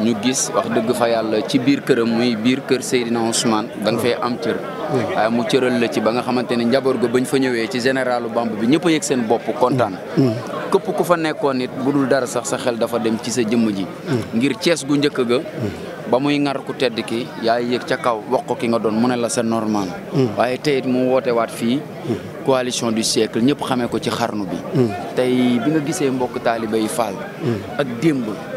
ñu gis wax dëgg fa yàlla ci biir këram muy biir kër Seydina Ousmane da nga fay am cër waaye mu cëral la ci ba nga xamante ne njaboot ga bañ fa ñëwee ci généralu Bamba bi ñëpp a yëg seen bopp kontaan mm. mm. këpp ku fa nekkoon nit bu dul dara sax sa xel dafa dem ci sa jëmm ji mm. ngir cees gu njëkk ga ba muy ngar ku tedd ki yaay yëg ca kaw wax ko ki nga doon mu ne la sa normal waaye teyit mu woote waat fii coalition du siècle ñëpp xamee ko ci xarnu bi tey bi nga gisee mbokk taalibe yi Fall ak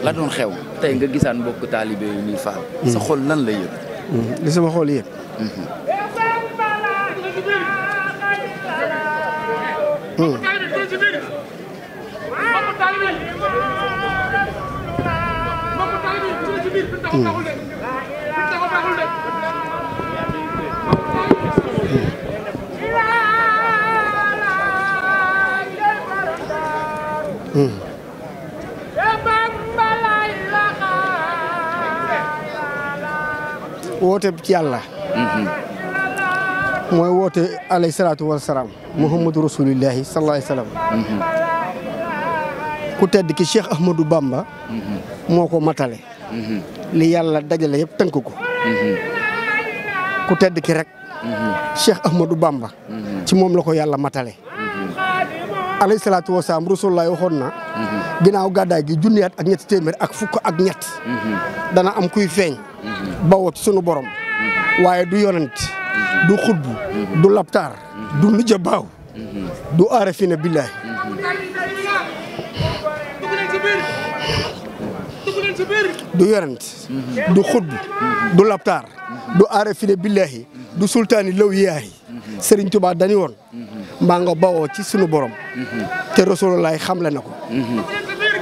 la doon xew tey nga gisaan mbokk taalibe yu ñuy faal. sa xol lan la yëg. li sama xol yëg. Hmm. woote ci yàlla. Mm-hmm. mooy woote alayhi salaatu wa salaam. Mm-hmm. muhammadu rasulillahi sallallahu alayhi mm-hmm. ku tedd ki Cheikh Ahmadou bàmba moo ko matale. li yàlla dajale yëpp tënk ko. ku tedd ki rek. Cheikh Ahmadou bàmba ci moom la ko yàlla matale. alayhi salaatu wasalaam rasulullah waxoon na. ginnaaw gàddaay gi junni ak ñetti téeméer ak fukk ak ñett. dana am kuy feeñ. bawoo ci sunu borom. waaye du yonent du xutbu du laptaar du nuja baaw du aarafina billaahi du yonent du xutbu du sultaani law yaahi Sëriñ Tuubaa dañu woon maa nga bawoo ci sunu borom. te Rasulullah xamle na ko.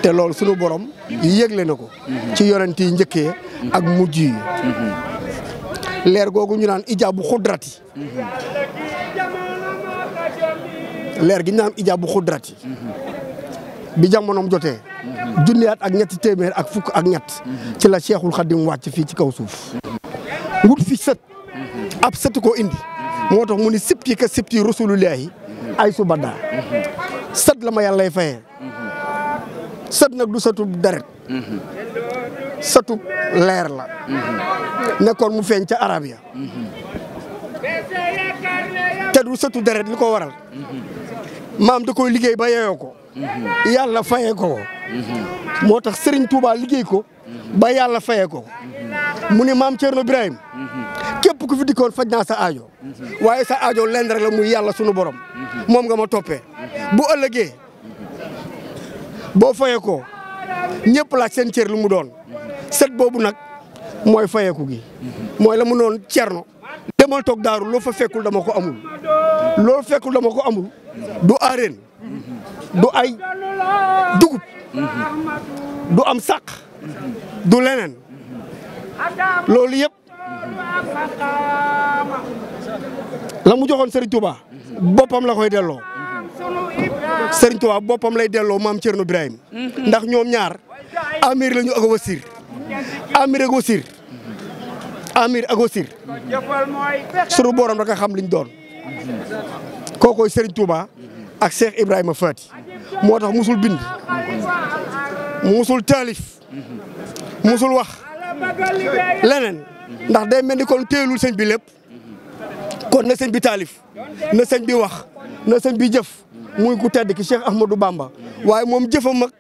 te loolu sunu borom yëgle na ko. ci yonent yi njëkkee ak mujj yi. leer googu ñu naan ijaabu xudrati. leer gi ñu naan ijaabu xudrati. bi jamonoom jotee. junni at ak ñett téeméer ak fukk ak ñett. ci la Cheikhul Khadim wàcc fii ci kaw suuf. wut fi set ab sët ko indi. moo tax mu ni sibti ka sibti rasulullahi ay su baddaa sët la ma yàllay fayee sët nag du sëtub deret sëtub leer la nekkoon mu feeñ ca arab ya te du sëtu deret li ko waral maam da koy liggéey ba yeyoo ko yàlla fayee ko moo tax Serigne Touba liggéey ko ba yàlla fayee ko mu ni maam Thierno Birahim fi dikkoon faj naa sa aajo waaye sa aajo lendre rek la muy yàlla sunu borom moom nga ma toppee bu ëllëgee boo fayeekoo ñëpp laaj seen cër lu mu doon set boobu nag mooy fayeeku gi mooy la mu noon cerno demal toog daaru loo fa fekkul dama ko amul loo fekkul dama ko amul du areen du ay dugub du am sàq du leneen loolu yëpp la mu joxoon Serigne Touba boppam la koy delloo Serigne Touba boppam lay delloo maam Thierno Ibrahima ndax ñoom ñaar amir la ñu ak wasir amir ak wasir amir ak wasir rek a xam liñ doon kookoy Serigne Touba ak Cheikh Ibrahima Fati moo tax musul bind musul taalif musul wax leneen ndax day mel ni kon téyelul sëñ bi lépp kon na sëñ bi taalif na sëñ bi wax na sëñ bi jëf muy ku tedd ki Cheikh Ahmadou Bamba waaye moom jëfam ak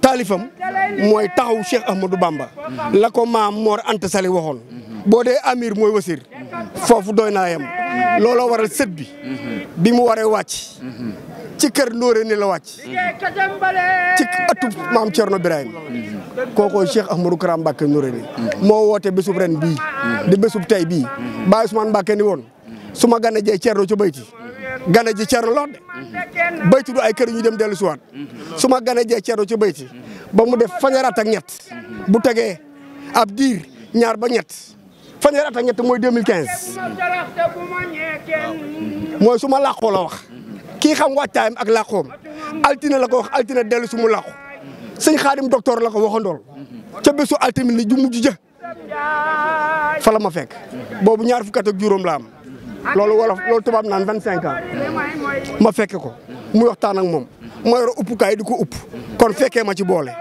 taalifam mooy taxaw Cheikh Ahmadou bàmba la ko maam Mor Anta Sali waxoon boo dee amir mooy wasir foofu doy naa yem looloo sët bi bi mu waree wàcc ci kër Ndóore ni la wàcc ci ëttu maam Thierno Birahim kookoo Cheikh Ahmadou Karam Mbacké Noreyni moo woote bésub ren bii di bésub tey bii Baye Ousmane Mbacké ni woon su ma gane jee cerno ca bayti gane ji cerno lool de bayti du ay kër ñu dem dellu siwaat su ma gane jee cerno ca bayti ba mu def fanweeri at ak ñett bu tegee ab diir ñaar ba ñett fanweeri at ak ñett mooy mooy su ma làqoo wax kii xam wàccaayam ak làqoom altine la ko wax altine dellu su mu làqu sëñ xaadim docteur la ko waxandool ca bésu altamine li ju mujj jë fa ma fekk boobu ñaar fukk ak juróom la am loolu wolof loolu tubaab naan vingt cinq ans ma fekke ko muy waxtaan ak moom ma yor uppukaay di ko upp kon fekkee ma ci boole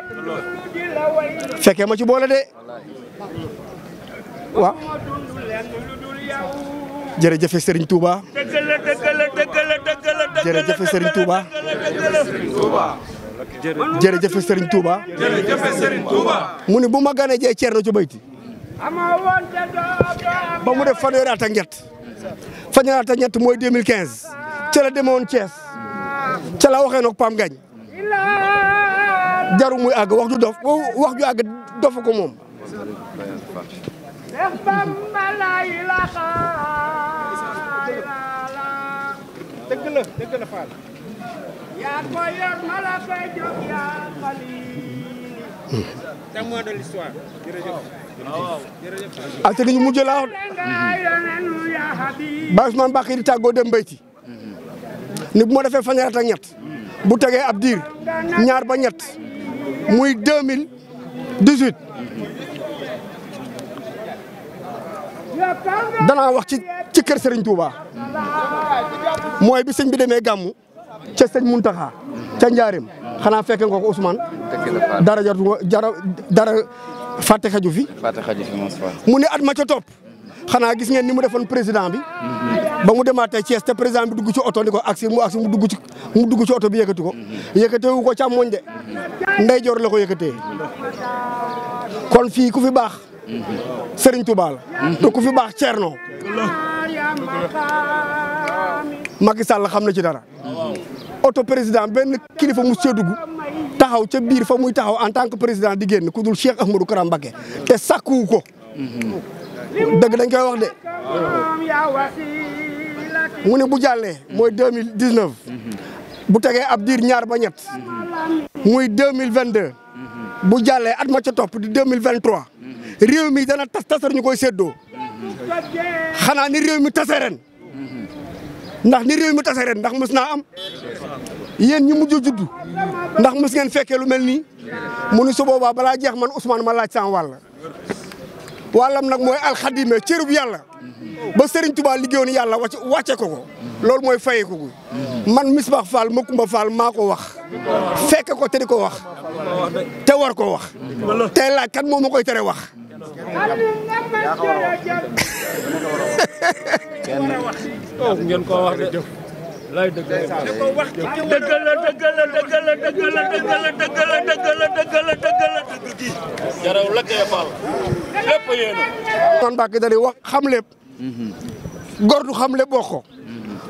fekkee ma ci boole de waaw jërëjëf Serigne Touba jërëjëf Serigne Touba jërëjëf Serigne Touba. jërëjëf mu ne bu ma gane jee Ceerno ci bayti ba mu def fanweeri at ak ñett fanweeri at ak ñett mooy 2015 ca la demoon Thiès ca la waxee nag Pam Gagne jaru muy àgg dof wax ju àgg ko moom. yaa ko yor mala koy ah, ñu mujj laa wax Baye Ousmane Bakir di tàggoo dem bayti ni bu ma defee fanweer ak ñett bu tegee ab diir ñaar ba ñett muy deux mille dix-huit danaa wax ci ci kër Serigne Touba mooy bi sëñ bi demee gàmmu ca sëñ Muntaxa ca Njaareem xanaa fekke nga ko Ousmane. dara jarul dara dara fàtte xaju fi. fàtte xaju fi mu ne at ma ca topp. xanaa gis ngeen ni mu defoon président bi. ba mu demaatee Thiès te président bi dugg ci oto ni ko agsi mu agsi mu dugg dugg ci oto bi yëkkati ko. yëkkateewu ko càmmoñ de. ndeyjoor la ko yëkkatee. kon fii ku fi baax. Serigne Touba la. te ku fi baax Thierno. Macky Sall xam na ci dara oto président benn kilifa mu gu taxaw ca biir fa muy taxaw en tant que président di génn ku dul Cheikh Ahmadou Karam Mbacké te sàkkuwu ko dëgg dañ koy wax de mu ne bu jàllee mooy deux mille dix neuf bu tegee ab diir ñaar ba ñett muy deux mille vingt deux bu jàllee at ma ca topp di deux mille vingt réew mi dana tas tasar ñu koy séddoo xanaa ni réew mi tase ren ndax ni réew mu tase ndax mës naa am yéen ñi mujj a judd ndax mës ngeen fekkee lu mel nii mu ni su boobaa balaa jeex man Ousmane ma laaj sama wàll wàllam nag mooy alxadime cërub yàlla ba Serigne Touba liggéeyoon yàlla wàcce wàcce ko ko loolu mooy fayeeku ko man Misbah Fall Makumba Fall maa ko wax fekke ko te di ko wax te war ko wax tey laaj kan moom ma koy tere wax kenn ngeen ko wax de. lay dëgg la dëgg la dëgg la dëgg la dëgg la dëgg la dëgg la dëgg la dëgg la dëgg la dëgg gi. jaraw la kay faal lépp yéen a. kon Mbacke dañuy wax xam lépp. góor du xam lépp wax ko.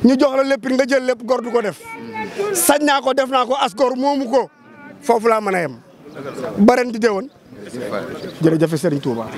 ñu jox la lépp nga jël lépp góor du ko def. sañ naa ko def naa ko as góor moomu ko foofu laa mën a yem. ba ren di déwén. jërëjëf Serigne Touba.